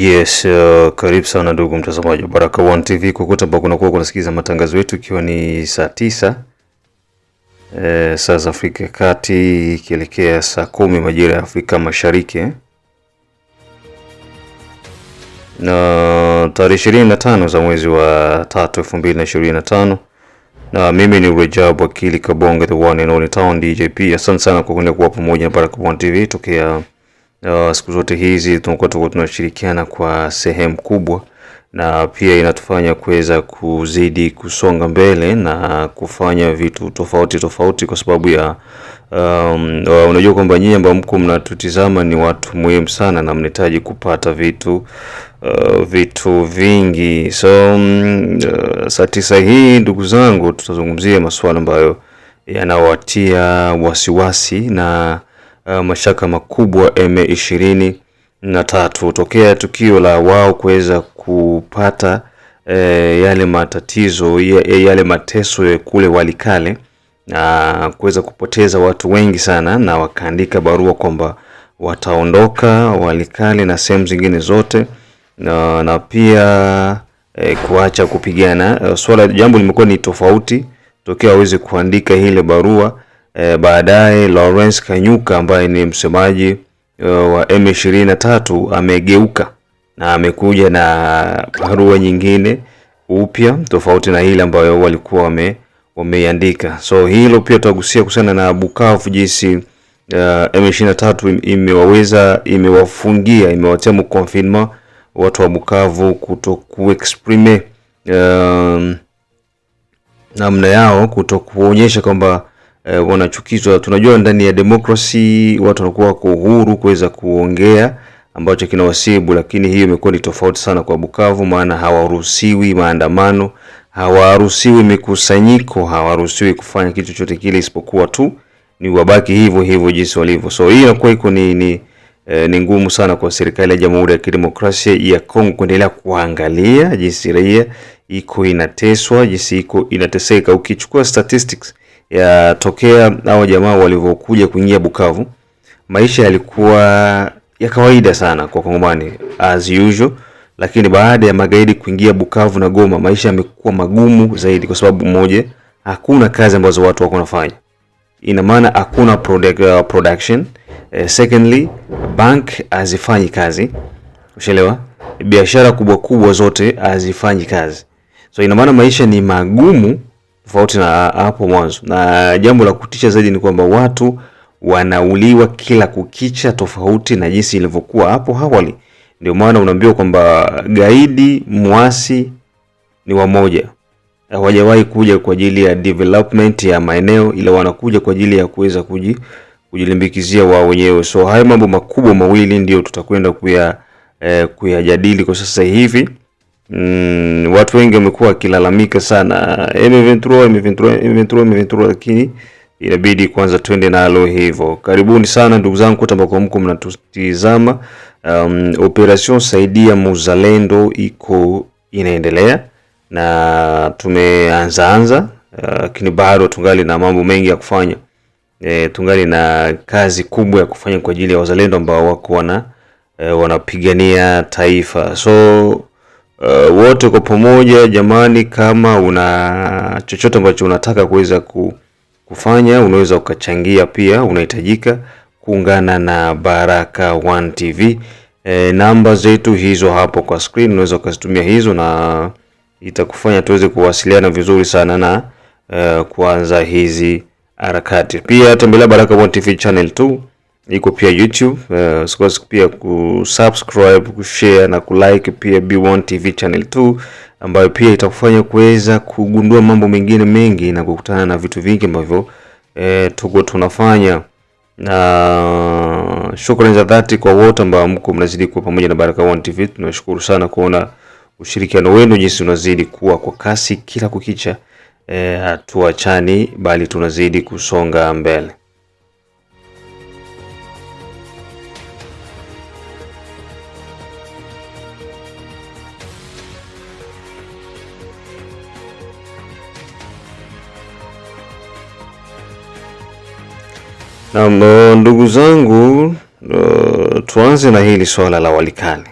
Yes, uh, karibu sana ndugu mtazamaji wa Baraka One TV kokote ambao kunakuwa kunasikiliza matangazo yetu, ikiwa ni saa tisa eh, saa za Afrika ya Kati ikielekea saa kumi majira ya Afrika Mashariki na tarehe 25 za mwezi wa tatu 2025 na mimi ni Rajab Wakili Kabonge, the one and only town DJP. Asante sana kwa kuendelea kuwa pamoja na Baraka One TV tokea Uh, siku zote hizi tunakuwa tuko tunashirikiana kwa sehemu kubwa, na pia inatufanya kuweza kuzidi kusonga mbele na kufanya vitu tofauti tofauti, kwa sababu ya um, uh, unajua kwamba nyinyi ambao mko mnatutizama ni watu muhimu sana na mnahitaji kupata vitu uh, vitu vingi. So um, uh, saa tisa hii ndugu zangu, tutazungumzia masuala ambayo yanawatia wasiwasi na uh, mashaka makubwa M23 tokea tukio la wao kuweza kupata uh, yale matatizo yale mateso kule Walikale na kuweza kupoteza watu wengi sana, na wakaandika barua kwamba wataondoka Walikale na sehemu zingine zote na, na pia e, kuacha kupigana. Swala jambo limekuwa ni tofauti tokea waweze kuandika ile barua E, baadaye Lawrence Kanyuka ambaye ni msemaji e, wa M23 amegeuka na amekuja na barua nyingine upya tofauti na ile ambayo walikuwa wame wameiandika. So hilo pia tutagusia kuhusiana na Bukavu, jinsi uh, M23 imewaweza imewafungia imewatia mkonfinma watu wa Bukavu kuto kuexprime uh, namna yao kuto kuonyesha kwamba e, wanachukizwa. Tunajua ndani ya demokrasi watu wanakuwa wako uhuru kuweza kuongea ambacho kinawasibu, lakini hiyo imekuwa ni tofauti sana kwa Bukavu, maana hawaruhusiwi maandamano, hawaruhusiwi mikusanyiko, hawaruhusiwi kufanya kitu chochote kile isipokuwa tu ni wabaki hivyo hivyo jinsi walivyo. So hii inakuwa iko ni ni, eh, ni ngumu sana kwa serikali ya Jamhuri ya Kidemokrasia ya Kongo kuendelea kuangalia jinsi raia iko inateswa, jinsi iko inateseka. Ukichukua statistics ya tokea hao jamaa walivyokuja kuingia Bukavu, maisha yalikuwa ya kawaida sana kwa Kongomani as usual, lakini baada ya magaidi kuingia Bukavu na Goma, maisha yamekuwa magumu zaidi, kwa sababu moja, hakuna kazi ambazo watu wako nafanya, ina maana hakuna product, uh, production uh, secondly bank hazifanyi kazi, ushelewa, biashara kubwa kubwa zote hazifanyi kazi, so ina maana maisha ni magumu tofauti na hapo mwanzo. Na jambo la kutisha zaidi ni kwamba watu wanauliwa kila kukicha, tofauti na jinsi ilivyokuwa hapo awali. Ndio maana unaambiwa kwamba gaidi, mwasi ni wamoja, hawajawahi kuja kwa ajili ya development ya maeneo, ila wanakuja kwa ajili ya kuweza kuji kujilimbikizia wao wenyewe. So haya mambo makubwa mawili ndio tutakwenda kuya eh, kuyajadili kwa sasa hivi Mm, watu wengi wamekuwa wakilalamika sana M23, M23, M23, M23, lakini inabidi kwanza twende nalo hivyo. Karibuni sana ndugu zangu kote ambako mko mnatutizama. Um, operation saidia muzalendo iko inaendelea na tumeanza anza, uh, lakini uh, bado tungali na mambo mengi ya kufanya e, tungali na kazi kubwa ya kufanya kwa ajili ya wazalendo ambao wako wana e, wanapigania taifa so uh, wote kwa pamoja jamani, kama una chochote ambacho unataka kuweza kufanya, unaweza ukachangia pia, unahitajika kuungana na Baraka One TV. E, eh, namba zetu hizo hapo kwa screen, unaweza ukazitumia hizo na itakufanya tuweze kuwasiliana vizuri sana na uh, kuanza hizi harakati. Pia tembelea Baraka One TV channel iko pia YouTube. Uh, usikose pia kusubscribe, kushare na kulike pia B1 TV channel 2 ambayo pia itakufanya kuweza kugundua mambo mengine mengi na kukutana na vitu vingi ambavyo eh, tuko tunafanya na shukrani za dhati kwa wote ambao mko mnazidi kuwa pamoja na baraka One TV. Tunashukuru sana kuona ushirikiano wenu jinsi unazidi kuwa kwa kasi kila kukicha. Eh, hatuachani bali tunazidi kusonga mbele. Na eh, ndugu zangu, eh, tuanze na hili swala la Walikali.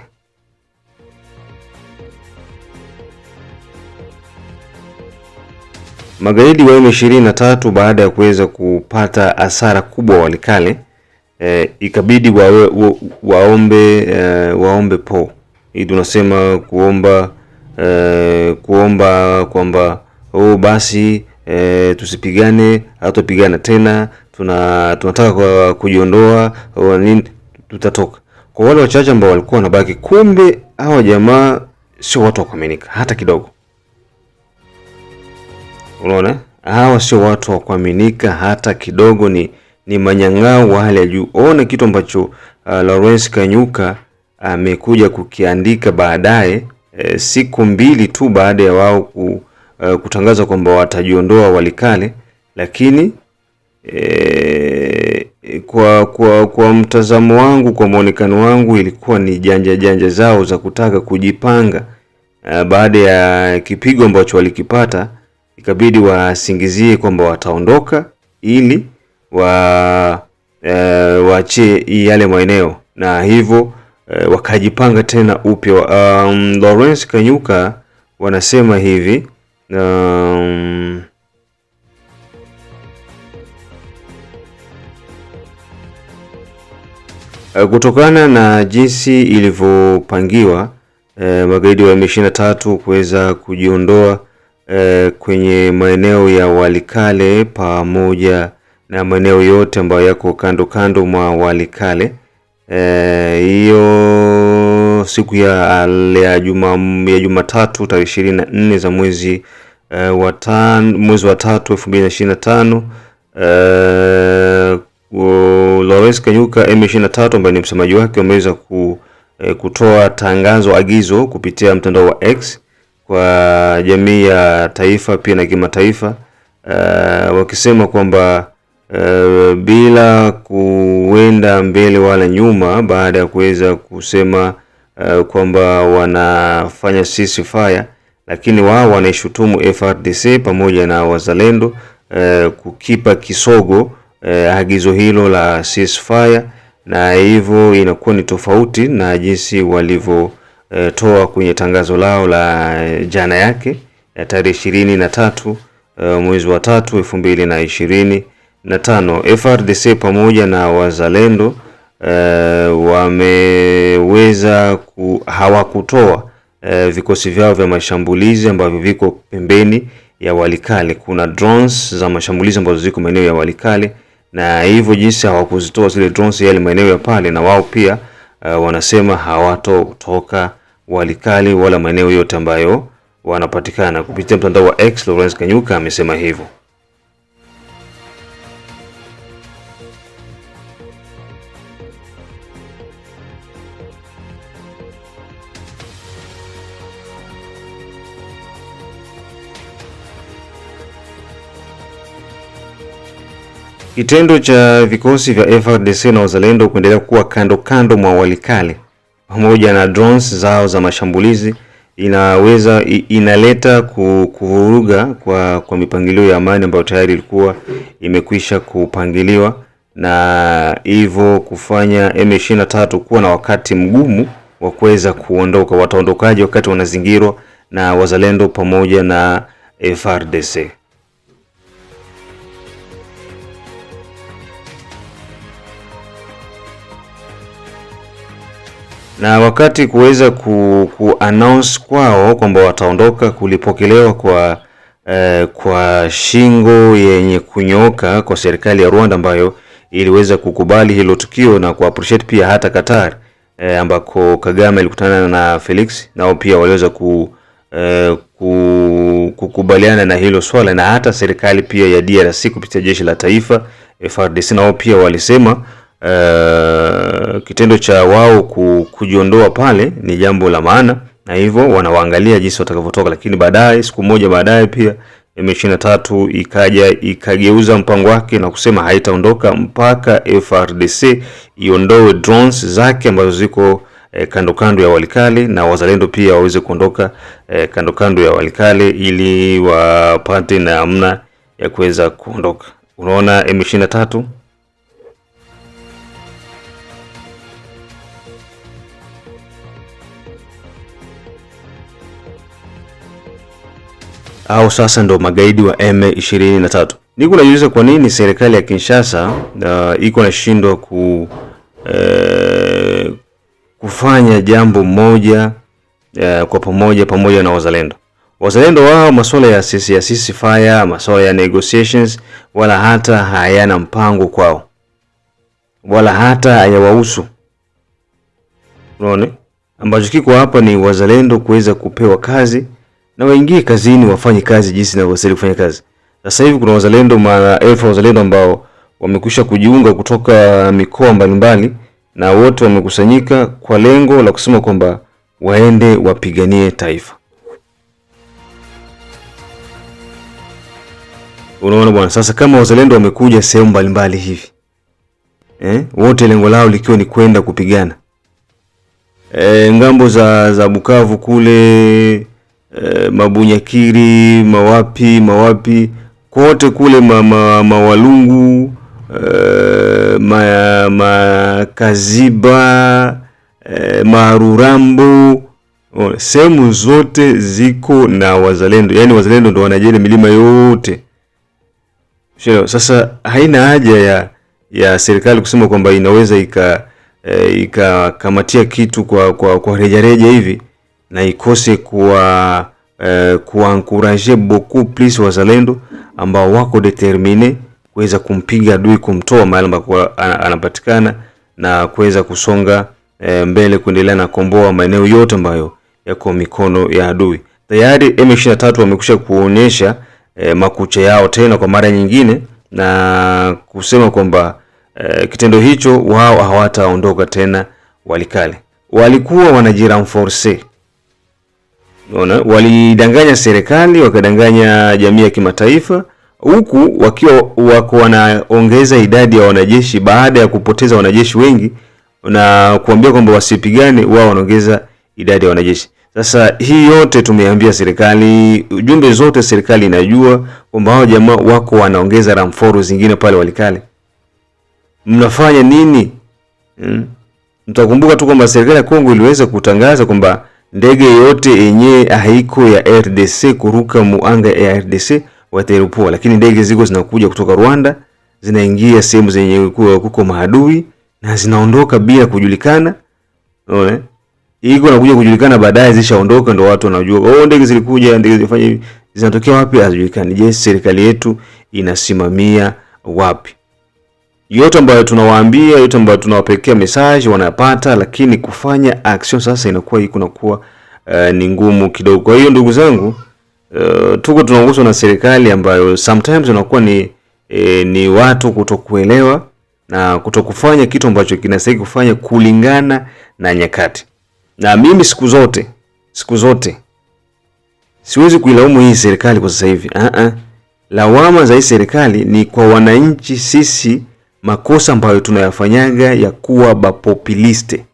Magaidi wa M23 baada ya kuweza kupata hasara kubwa Walikali, e, eh, ikabidi wawe, wa, waombe e, waombe po hii tunasema kuomba e, kuomba kwamba oh, basi e, tusipigane hatupigana tena tuna tunataka kujiondoa nini, tutatoka. Kwa wale wachache ambao walikuwa wanabaki, kumbe hawa jamaa sio watu wa kuaminika hata kidogo. Unaona, hawa sio watu wa kuaminika hata kidogo, ni ni manyang'ao wa hali ya juu. Ona kitu ambacho uh, Lawrence Kanyuka amekuja uh, kukiandika baadaye eh, siku mbili tu baada ya wao ku, uh, kutangaza kwamba watajiondoa Walikale, lakini E, kwa kwa kwa mtazamo wangu, kwa mwonekano wangu, ilikuwa ni janja janja zao za kutaka kujipanga. Eh, baada ya kipigo ambacho walikipata, ikabidi wasingizie kwamba wataondoka ili wa e, waachie yale maeneo na hivyo e, wakajipanga tena upya. Um, Lawrence Kanyuka wanasema hivi um, Eh, kutokana na jinsi ilivyopangiwa e, magaidi wa M23 kuweza kujiondoa e, kwenye maeneo ya Walikale pamoja na maeneo yote ambayo yako kando kando mwa Walikale hiyo e, siku ya ya Jumatatu tarehe ishirini na nne za mwezi e, wa tano, mwezi wa tatu elfu mbili na ishirini na tano e, Lawrence Kanyuka M23 ambaye ni msemaji wake ameweza ku, e, kutoa tangazo agizo kupitia mtandao wa X kwa jamii ya taifa pia na kimataifa uh, wakisema kwamba uh, bila kuenda mbele wala nyuma, baada ya kuweza kusema uh, kwamba wanafanya ceasefire, lakini wao wanaishutumu frdc pamoja na wazalendo uh, kukipa kisogo eh, agizo hilo la ceasefire, na hivyo inakuwa ni tofauti na jinsi walivyotoa eh, kwenye tangazo lao la eh, jana yake ya tarehe ishirini na tatu eh, mwezi wa tatu elfu mbili na ishirini na tano. FRDC pamoja na wazalendo eh, wameweza ku, hawakutoa eh, vikosi vyao vya mashambulizi ambavyo viko pembeni ya Walikale. Kuna drones za mashambulizi ambazo ziko maeneo ya Walikale na hivyo jinsi hawakuzitoa zile drones yale maeneo ya pale, na wao pia uh, wanasema hawatotoka Walikali wala maeneo yote ambayo wanapatikana. Kupitia mtandao wa X, Lawrence Kanyuka amesema hivyo. Kitendo cha vikosi vya FARDC na wazalendo kuendelea kuwa kando kando mwa Walikale pamoja na drones zao za mashambulizi inaweza inaleta kuvuruga kwa, kwa mipangilio ya amani ambayo tayari ilikuwa imekwisha kupangiliwa na hivyo kufanya M23 kuwa na wakati mgumu wa kuweza kuondoka. Wataondokaje wakati wanazingirwa na wazalendo pamoja na FARDC? na wakati kuweza ku, ku announce kwao kwamba wataondoka kulipokelewa kwa eh, kwa shingo yenye kunyoka kwa serikali ya Rwanda ambayo iliweza kukubali hilo tukio na appreciate pia hata Qatar eh, ambako Kagame alikutana na Felix, nao pia waliweza ku, eh, ku, kukubaliana na hilo swala, na hata serikali pia ya DRC kupitia jeshi la taifa FARDC nao pia walisema Eh, kitendo cha wao kujiondoa pale ni jambo la maana, na hivyo wanawaangalia jinsi watakavyotoka. Lakini baadaye, siku moja baadaye, pia M23 ikaja ikageuza mpango wake na kusema haitaondoka mpaka frdc iondoe drones zake ambazo ziko eh, kando kando ya Walikale na wazalendo pia waweze kuondoka eh, kando kando ya Walikale ili wapate namna ya kuweza kuondoka. Unaona M23 au sasa ndo magaidi wa M23. Niko najiuliza kwa nini serikali ya Kinshasa uh, iko nashindwa ku uh, kufanya jambo moja uh, kwa pamoja pamoja na wazalendo. Wazalendo wao masuala ya sisi ya sisi fire, masuala ya negotiations wala hata hayana mpango kwao. Wala hata hayawahusu. Unaona? Ambacho kiko hapa ni wazalendo kuweza kupewa kazi na waingie kazini wafanye kazi jinsi inavyostahili kufanya kazi. Sasa hivi kuna wazalendo maelfu wazalendo ambao wamekwisha kujiunga kutoka mikoa mbalimbali na wote wamekusanyika kwa lengo la kusema kwamba waende wapiganie taifa. Unaona bwana, sasa kama wazalendo wamekuja sehemu mbalimbali hivi eh, wote lengo lao likiwa ni kwenda kupigana eh, ngambo za, za Bukavu kule Eh, Mabunyakiri, mawapi mawapi, kote kule mawalungu ma, ma e, makaziba eh, ma e, marurambo sehemu zote ziko na wazalendo, yaani wazalendo ndo wanajeria milima yote. Sasa haina haja ya ya serikali kusema kwamba inaweza ikakamatia e, ika kitu kwa kwa, kwa rejareja hivi na ikose kuwa uh, beaucoup plus wazalendo ambao wako determine kuweza kumpiga adui, kumtoa mahali ambapo anapatikana na kuweza kusonga e, mbele kuendelea na komboa maeneo yote ambayo yako mikono ya adui. Tayari M23 wamekusha kuonyesha e, makucha yao tena kwa mara nyingine na kusema kwamba e, kitendo hicho wao hawataondoka tena walikale. Walikuwa wanajiranforce Unaona, walidanganya serikali wakadanganya jamii ya kimataifa huku wakiwa wako wanaongeza idadi ya wanajeshi baada ya kupoteza wanajeshi wengi na kuambia kwamba wasipigane, wao wanaongeza idadi ya wanajeshi. Sasa hii yote tumeambia serikali, ujumbe zote serikali inajua kwamba hao jamaa wako wanaongeza ramforu zingine pale Walikale. Mnafanya nini? Hmm. Mtakumbuka tu kwamba serikali ya Kongo iliweza kutangaza kwamba ndege yote yenye haiko ya RDC kuruka muanga ya RDC watairupua, lakini ndege ziko zinakuja kutoka Rwanda zinaingia sehemu zenye kuko maadui na zinaondoka bila kujulikana. Unaona, iko nakuja kujulikana baadaye, zishaondoka ndo watu wanajua, oh, ndege zilikuja, ndege zilifanya hivi. Zinatokea wapi hazijulikani. Je, serikali yetu inasimamia wapi? yote ambayo tunawaambia, yote ambayo tunawapekea message wanayapata, lakini kufanya action sasa inakuwa iko na kuwa uh, eh, ni ngumu kidogo. Kwa hiyo ndugu zangu, uh, tuko tunaongozwa na serikali ambayo sometimes inakuwa ni eh, ni watu kutokuelewa na kutokufanya kitu ambacho kinastahili kufanya kulingana na nyakati. Na mimi siku zote siku zote siwezi kuilaumu hii serikali kwa sasa hivi. Uh -uh. Lawama za hii serikali ni kwa wananchi sisi makosa ambayo tunayafanyaga ya kuwa bapopuliste.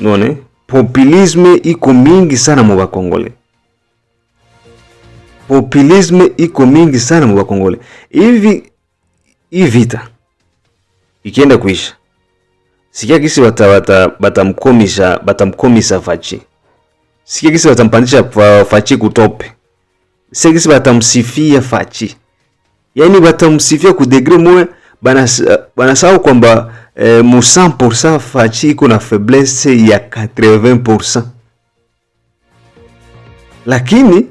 none populisme iko mingi sana mu bakongole, populisme iko mingi sana mu bakongole. Hivi hii vita ikienda kuisha, sikia kisi batamkomisa bata, batamkomisa Fachi, sikia kisi batampandisha Fachi kutope, sikia kisi batamsifia Fachi yaani batamsifia ku degré moya banasahau eh, kwamba eh, mu 100% Fachi iko na faiblesse ya 80%, lakini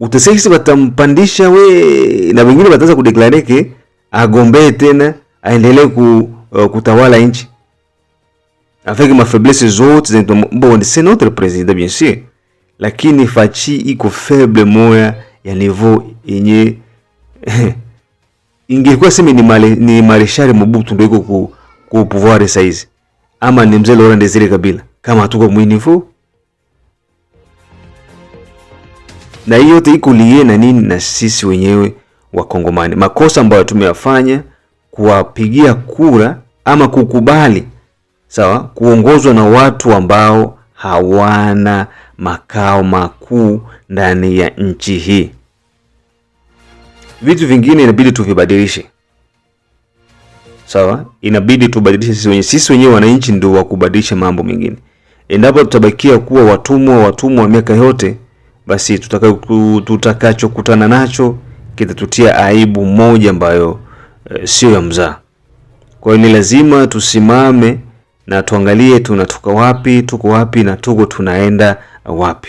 utesekisi batampandisha we na wengine bataanza ke agombee tena aendelee ku, uh, kutawala nchi avec ma faiblesse zote. Bon, c'est notre president bien sûr, lakini Fachi iko faible moya ya niveau yenye ingekuwa sema ni mali, ni marishari Mobutu ndio iko ku, ku pouvoir size ama ni mzee Laurent Desire Kabila kama hatuko mwinifu na hiyo yote iko liye na nini na sisi wenyewe Wakongomani, makosa ambayo tumeyafanya kuwapigia kura ama kukubali sawa kuongozwa na watu ambao hawana makao makuu ndani ya nchi hii vitu vingine inabidi tuvibadilishe, sawa. Inabidi tubadilishe sisi wenyewe, sisi wenyewe wananchi ndio wa kubadilisha mambo mengine. Endapo tutabakia kuwa watumwa watumwa miaka yote, basi tutakachokutana nacho kitatutia aibu moja ambayo e, sio ya mzaa. Kwa hiyo ni lazima tusimame na tuangalie tunatoka wapi, tuko wapi na tuko tunaenda wapi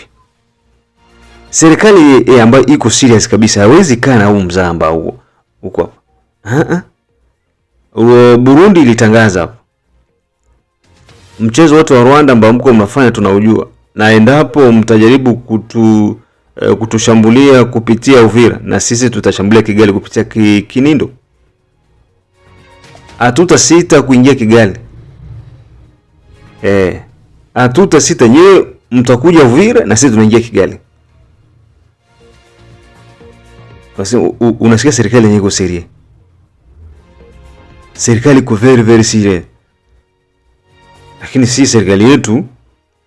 serikali eh, ambayo iko serious kabisa hawezi kaa na huu mzamba huo huko hapa. Ah ah. Burundi ilitangaza hapo. Mchezo wote wa Rwanda ambao mko mnafanya tunaujua. Na endapo mtajaribu kutu eh, kutushambulia kupitia Uvira na sisi tutashambulia Kigali kupitia ki, Kinindo. Hatuta sita kuingia Kigali. Eh, hatuta sita nyewe mtakuja Uvira na sisi tunaingia Kigali. unasikia serikali yenyewe iko serie, serikali iko very very serious, lakini si serikali yetu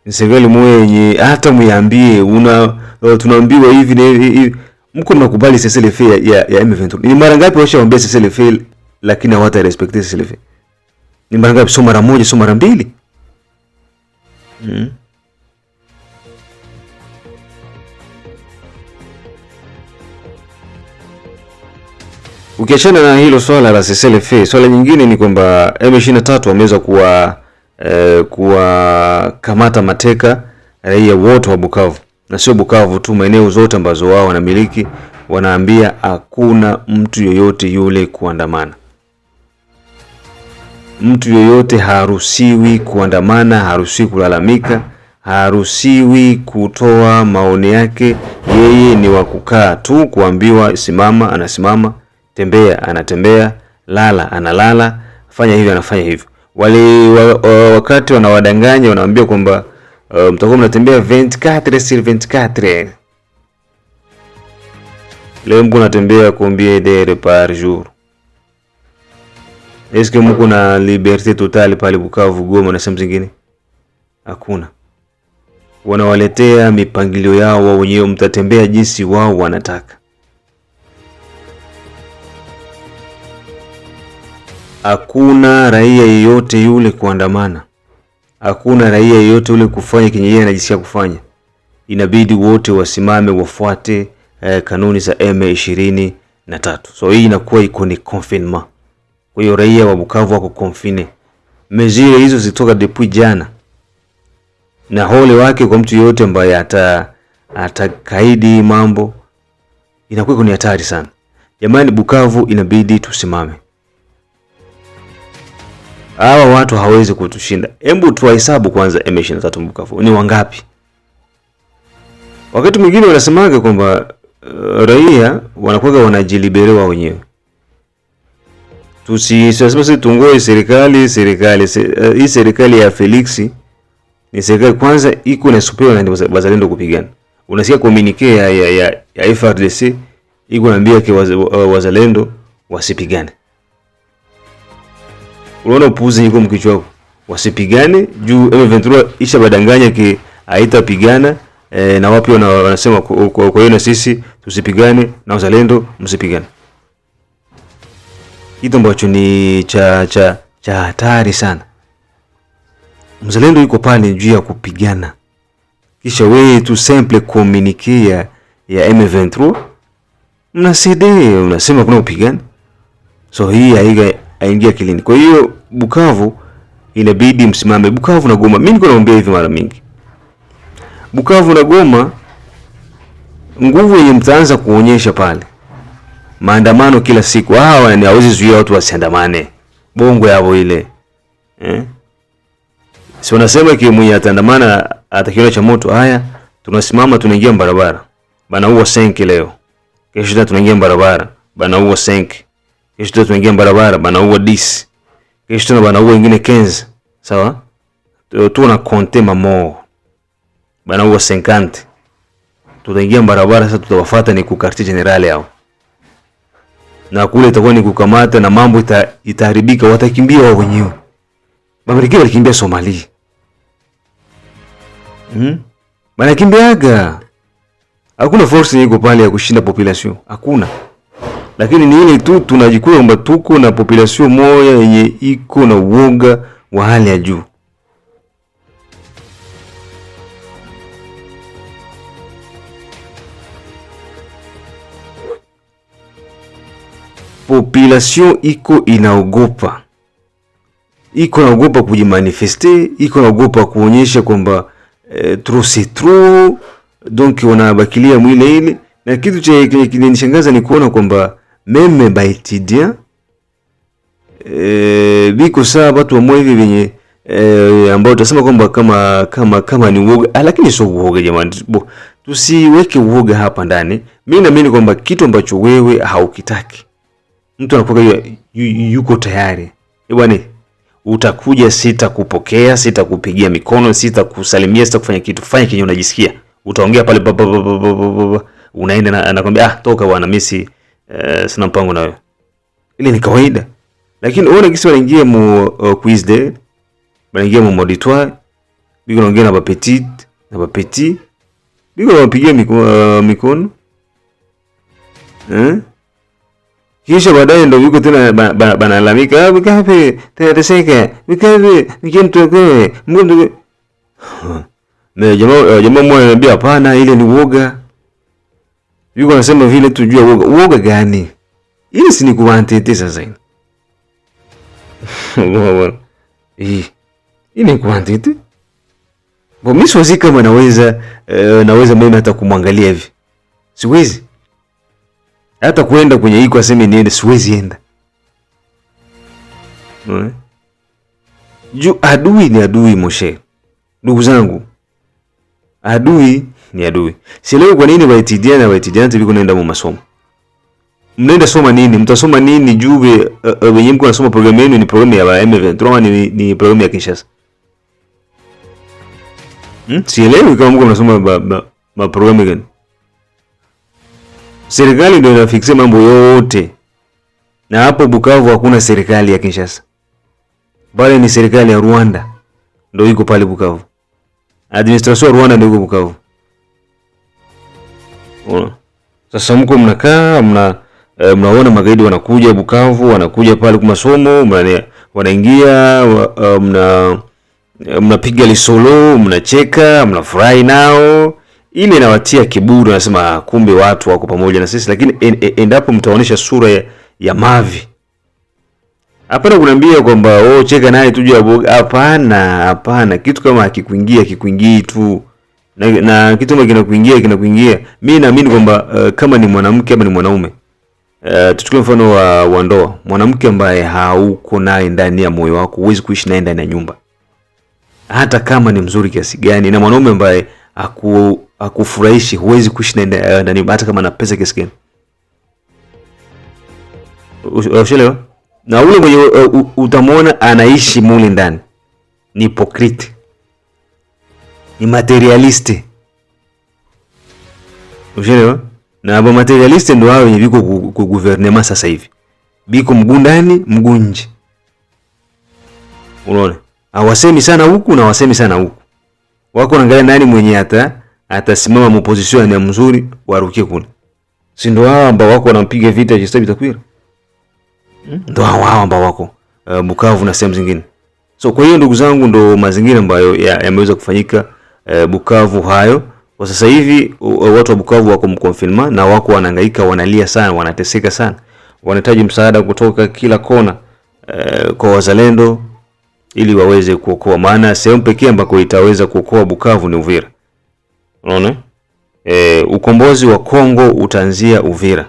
ni serikali moja yenye hata muiambie una uh, tunaambiwa hivi na hivi, mko mnakubali CCLF ya, ya, ya M23. Ni mara ngapi washawaambia CCLF lakini hawata respect CCLF? Ni mara ngapi? So mara moja, so mara mbili. Mm. Ukiachana na hilo swala la SSLF, swala nyingine ni kwamba M23 wameweza kuwa eh, kuwakamata mateka raia wote wa Bukavu na sio Bukavu tu, maeneo zote ambazo wao wanamiliki, wanaambia hakuna mtu yoyote yule kuandamana. Mtu yoyote haruhusiwi kuandamana, haruhusiwi kulalamika, haruhusiwi kutoa maoni yake. Yeye ni wa kukaa tu, kuambiwa simama, anasimama tembea anatembea, lala analala, fanya hivyo anafanya hivyo. Wale wakati wanawadanganya wanawaambia kwamba uh, mtakuwa mnatembea 24 sur 24. Leo mko natembea combien d'heures par jour? Eske mko na liberté totale pale Bukavu, Goma na sehemu zingine? Hakuna. Wanawaletea mipangilio yao wao wenyewe, mtatembea jinsi wao wanataka. hakuna raia yeyote yule kuandamana, hakuna raia yeyote yule kufanya kinye yeye anajisikia kufanya. Inabidi wote wasimame wafuate eh, kanuni za M23. So hii inakuwa iko ni confirm. Kwa hiyo raia wa Bukavu wako confine. Mezile hizo zitoka depuis jana, na hole wake kwa mtu yote ambaye ata atakaidi mambo inakuwa ni hatari sana. Jamani, Bukavu inabidi tusimame hawa watu hawezi kutushinda. Hebu tuwahesabu kwanza M23 Bukavu ni wangapi? Wakati mwingine wanasemaga kwamba uh, raia wanakuwa wanajiliberewa wenyewe. Tusisema si tungoe serikali serikali uh, hii serikali ya Felix ni serikali kwanza iko na superior na wazalendo kupigana. Unasikia communique ya ya, ya, ya FRDC iko naambia ke waz, uh, wazalendo wasipigane unaona upuuzi niko mkichwa wako, wasipigane juu M23 isha badanganya ke haitapigana e, na wapi wanasema. Kwa hiyo na sisi tusipigane na uzalendo, msipigane. Kitu ambacho ni cha cha cha hatari sana. Mzalendo yuko pale juu ya kupigana, kisha wewe tu simple communique ya, ya M23 mnasede unasema kuna kupigana, so hii haiga aingia kilini. Kwa hiyo Bukavu inabidi msimame. Bukavu na Goma, mimi niko naombea hivi mara mingi, Bukavu na Goma, nguvu yenye mtaanza kuonyesha pale, maandamano kila siku, hawa ni hawezi zuia watu wasiandamane, bongo yao ile eh? Si unasema kile mwenye ataandamana atakiona cha moto. Haya, tunasimama tunaingia barabara, bana huo senki leo, kesho tunaingia barabara, bana huo senki kesho tena tunaingia barabara banaua dis, kesho tena banaua wengine kenza, sawa tu na konte mamo banaua senkante, tutaingia barabara sasa, tutawafuata ni ku quartier general yao, na kule itakuwa ni kukamata na mambo ita, itaharibika, watakimbia wao wenyewe. Mamerika walikimbia Somalia, hmm? Banakimbiaga, hakuna force iko pale ya kushinda population, hakuna lakini ni ile tu tunajikuta kwamba tuko na population moja yenye iko na uoga wa hali ya juu. Population iko inaogopa, iko naogopa kujimanifeste, iko naogopa kuonyesha kwamba eh, trop c'est trop, donc wanabakilia mwile ile, na kitu cha kinishangaza ni kuona kwamba meme baetudiant e, biko saa watu wamwe hivi venye e, ambao utasema kwamba kama kama kama ni uoga, lakini sio uoga jamani, tusiweke uoga hapa ndani. Mimi naamini kwamba kitu ambacho wewe haukitaki mtu anakuwa yu, yuko tayari e bwana, utakuja, sitakupokea, sitakupigia mikono, sitakusalimia, sitakufanya kitu, fanya kinyo unajisikia, utaongea pale, unaenda, anakwambia ah, toka bwana, mimi si uh, sina mpango nayo. Ile ni kawaida, lakini uone kisi wanaingia mu uh, quiz day wanaingia mu auditoire biko naongea na bapetit na bapeti biko napigia mikono, uh, mikono. Eh? Kisha baadaye ndio biko tena banalamika ba, ba, bikape tunateseka bikape nikientoke mgombe. Na jamaa uh, jamaa mmoja ananiambia hapana, ile ni woga Yuko anasema vile tujua uoga. Uoga gani? Ili si ni kuantete sasa hivi. Bwana. Eh. Ili ni kuantete. Bo mimi siwezi kama naweza uh, naweza mimi hata kumwangalia hivi. Siwezi. Hata kuenda kwenye iko aseme niende siwezi enda. Mm. Eh? Juu adui ni adui Moshe. Ndugu zangu. Adui ni adui. Sielewi kwa nini waitidiana waitidiana tibi kunaenda mu masomo. Mnaenda soma nini? Mtasoma nini juu eh, eh, wenye uh, uh, mko nasoma programu yenu ni programu ya M23 ama ni, ni programu ya Kinshasa. Hmm? Sielewi kama mko mnasoma ba, ba, ba programu gani. Serikali ndio inafikisha mambo yote. Na hapo Bukavu hakuna serikali ya Kinshasa. Bali ni serikali ya Rwanda ndio iko pale Bukavu. Administration ya Rwanda ndio iko Bukavu. Sasa mko mnakaa mna e, mnaona magaidi wanakuja Bukavu, wanakuja pale kwa masomo, wanaingia eh, mna eh, mnapiga lisolo, mnacheka, mnafurahi nao, ile inawatia kiburi, anasema ah, kumbe watu wako pamoja na sisi. Lakini en, en, endapo mtaonesha sura ya, ya mavi, hapana kunaambia kwamba oh, cheka naye tuje. hapana hapana, kitu kama akikuingia akikuingii tu na, na kitu ambacho kinakuingia kinakuingia. Mimi naamini kwamba uh, kama ni mwanamke ama ni mwanaume uh, tuchukue mfano wa, wa ndoa, mwanamke ambaye hauko naye ndani ya moyo wako huwezi kuishi naye ndani ya nyumba, hata kama ni mzuri kiasi gani, na mwanaume ambaye aku akufurahishi huwezi kuishi naye eh, ndani ya nyumba, hata kama ana pesa kiasi gani. Ushelewa? Na ule mwenye utamwona anaishi mule ndani ni hipokriti ni materialiste, ushelewa? Na ba materialiste ndo wao wenye biko ku gouvernement sasa hivi, biko mguu ndani mguu nje, unaona, hawasemi sana huku na wasemi sana huku, wako naangalia nani mwenye hata atasimama mopozisio ya mzuri warukie kule, si ndo hao ambao wako wanampiga vita Justin Bitakwira, hmm? ndo hao hao ambao wako uh, Bukavu na sehemu zingine. So kwa hiyo ndugu zangu, ndo mazingira ambayo yameweza ya kufanyika e, Bukavu hayo. Kwa sasa hivi watu wa Bukavu wako mkonfirma na wako wanahangaika, wanalia sana, wanateseka sana, wanahitaji msaada kutoka kila kona e, kwa wazalendo ili waweze kuokoa, maana sehemu pekee ambako itaweza kuokoa Bukavu ni Uvira. Unaona? E, ukombozi wa Kongo utaanzia Uvira.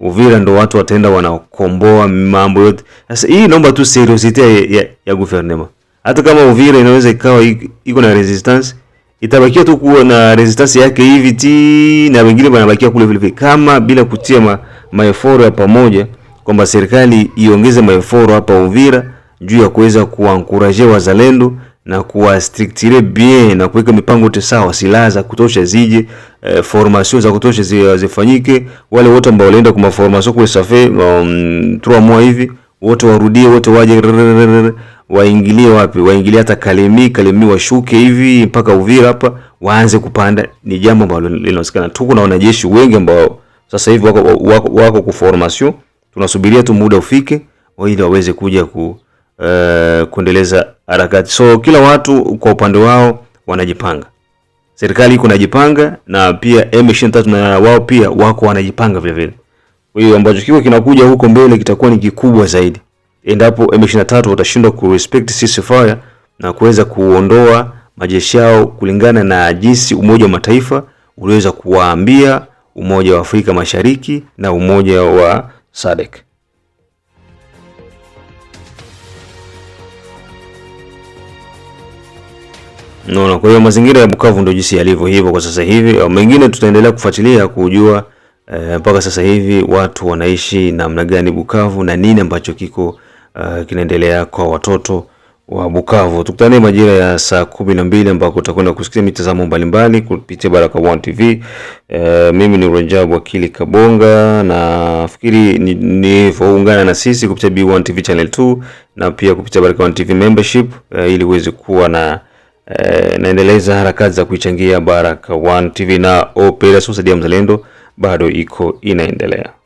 Uvira ndo watu wataenda wanakomboa mambo yote. Sasa hii naomba tu seriosity ya, ya, ya gouvernement. Hata kama Uvira inaweza ikawa iko na resistance itabakia tu kuwa na resistance yake hivi ti na wengine wanabakia kule vile vile, kama bila kutia ma, maeforo ya pamoja kwamba serikali iongeze maeforo hapa Uvira juu ya kuweza kuankuraje wazalendo na kuwastriktire bien na kuweka mipango yote sawa, silaha za kutosha zije, e, formation za kutosha zifanyike. Wale wote ambao walienda kwa formation kule safe um, 3 mois hivi wote warudie, wote waje waingilie wapi? Waingilie hata Kalemi, Kalemi washuke hivi mpaka Uvira hapa, waanze kupanda. Ni jambo ambalo linaosekana. tu. Kuna wanajeshi wengi ambao sasa hivi wako, wako, wako ku formation, tunasubiria tu muda ufike ili waweze kuja ku uh, kuendeleza harakati. So kila watu kwa upande wao wanajipanga, serikali iko najipanga, na pia M23 na wao pia wako wanajipanga vile vile. Kwa hiyo ambacho kiko kinakuja huko mbele kitakuwa ni kikubwa zaidi endapo M23 watashindwa respect ceasefire na kuweza kuondoa majeshi yao kulingana na jinsi Umoja wa Mataifa uliweza kuwaambia Umoja wa Afrika Mashariki na Umoja wa SADC. Naona kwa hiyo mazingira ya Bukavu ndio jinsi yalivyo hivyo kwa sasa hivi. Mengine tutaendelea kufuatilia kujua eh, mpaka eh, sasa hivi watu wanaishi namna gani Bukavu na nini ambacho kiko uh, kinaendelea kwa watoto wa Bukavu. Tukutane majira ya saa kumi na mbili ambako utakwenda kusikia mitazamo mbalimbali kupitia Baraka One TV. Uh, mimi ni Rajabu Akili Kabonga na fikiri nivyoungana ni na sisi kupitia B1 TV channel 2 na pia kupitia Baraka One TV membership uh, ili uweze kuwa na uh, naendeleza harakati za kuichangia Baraka One TV na Operation Saidia Mzalendo bado iko inaendelea.